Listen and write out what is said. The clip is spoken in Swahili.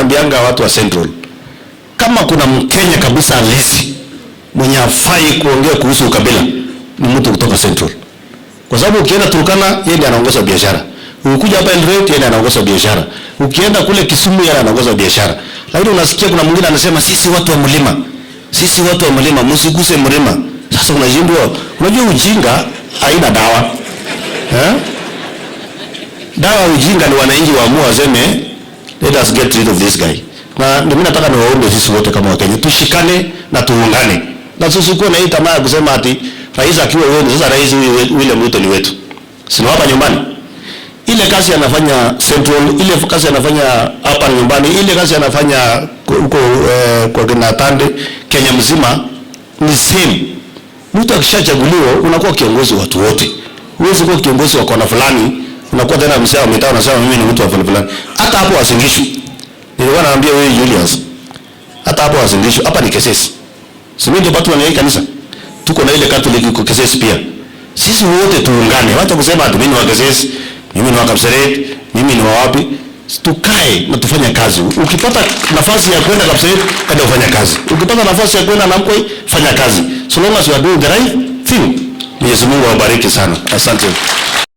naambianga watu wa Central, kama kuna Mkenya kabisa alezi mwenye afai kuongea kuhusu ukabila ni mtu kutoka Central, kwa sababu ukienda Turkana yeye ndiye anaongoza biashara, ukikuja hapa Eldoret yeye ndiye anaongoza biashara, ukienda kule Kisumu yeye anaongoza biashara. Lakini unasikia kuna mwingine anasema sisi watu wa mlima, sisi watu wa mlima, msiguse mlima. Sasa unajindwa, unajua ujinga haina dawa eh? Dawa ujinga ni wananchi waamua waseme let us get rid of this guy. Na ndio mimi nataka niwaombe sisi wote kama Wakenya tushikane na tuungane, na sisi tusikuwe na hii tamaa ya kusema ati rais akiwa wewe, sasa rais huyu William Ruto ni wetu, sina hapa nyumbani. Ile kazi anafanya Central, ile kazi anafanya hapa nyumbani, ile kazi anafanya huko eh, kwa kina Tande, Kenya mzima ni same. Mtu akishachaguliwa unakuwa kiongozi watu wote, huwezi kuwa kiongozi wa kona fulani Unakuwa tena mshaa mtaa unasema mimi ni mtu wa fulani fulani. Hata hapo wasingishwi. Nilikuwa naambia wewe Julius. Hata hapo wasingishwi. Hapa ni Kesesi. Sisi ndio watu wa kanisa. Tuko na ile Catholic iko Kesesi pia. Sisi wote tuungane. Wacha kusema ati mimi ni wa Kesesi, mimi ni wa Kapseret, mimi ni wa wapi? Tukae na tufanye kazi. Ukipata nafasi ya kwenda Kapseret, kaja ufanye kazi. Ukipata nafasi ya kwenda Namkoi, fanya kazi. So long as you are doing the right thing. Mwenyezi Mungu awabariki sana. Asante.